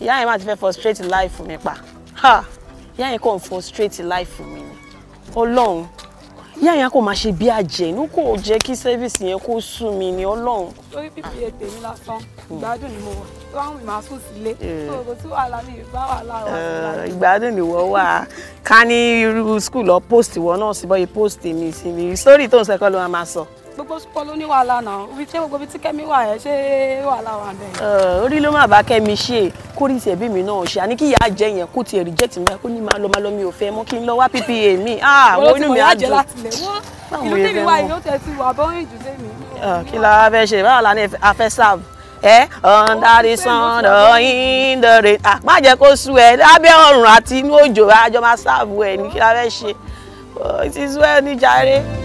ìyá yẹn máa ti fẹ́ frustrate life mi pa ìyá yẹn kàn frustrate life mi ni ọlọ́run ìyá yẹn kò máa ṣe bí àjẹ́ inú kò jẹ́ kí sẹ́fíìsì yẹn kó sú mi ni ọlọ́run. torí pípi ètè mi lásán hmm. ìgbádùn ni mo wà ráhùn mi máa sùn sílé eh. kò tí wàhálà mi ìgbà wàhálà wà. Eh, ìgbádùn ni wọ́n wà ká ní irú skul lọ post ìwọ náà sí bọ́yì post mi sí mi sórí tó ń sẹ́kọ́ ló máa sọ gbogbo sùpọ̀ ló ní wàhálà náà ṣé gbogbo ibi tí kẹ́mi wà ẹ́ ṣé wàhálà wà bẹ́ẹ̀. Eh, orí ló má bá kẹ́mi ṣe kórìí tiẹ̀ bí mi náà ṣe àní kí ìyá àjẹ yẹn kó tiẹ̀ reject mi kó ní máa lọ máa lọ mi ò fẹ́ mọ́ kí n lọ wá ppa mi ah, àwọn inú mi á jọ báwo ni ẹ fẹ́ mọ́ ah, kí la fẹ́ ṣe báwo la ní afẹ́ serve ẹ under the sun in the rain ah, má jẹ́ kó sú ẹ lábẹ́ ọ̀run àti inú òjò àjọ máa serve ẹ ní kí la fẹ́ ṣe oh, ti sú ẹ níjàre.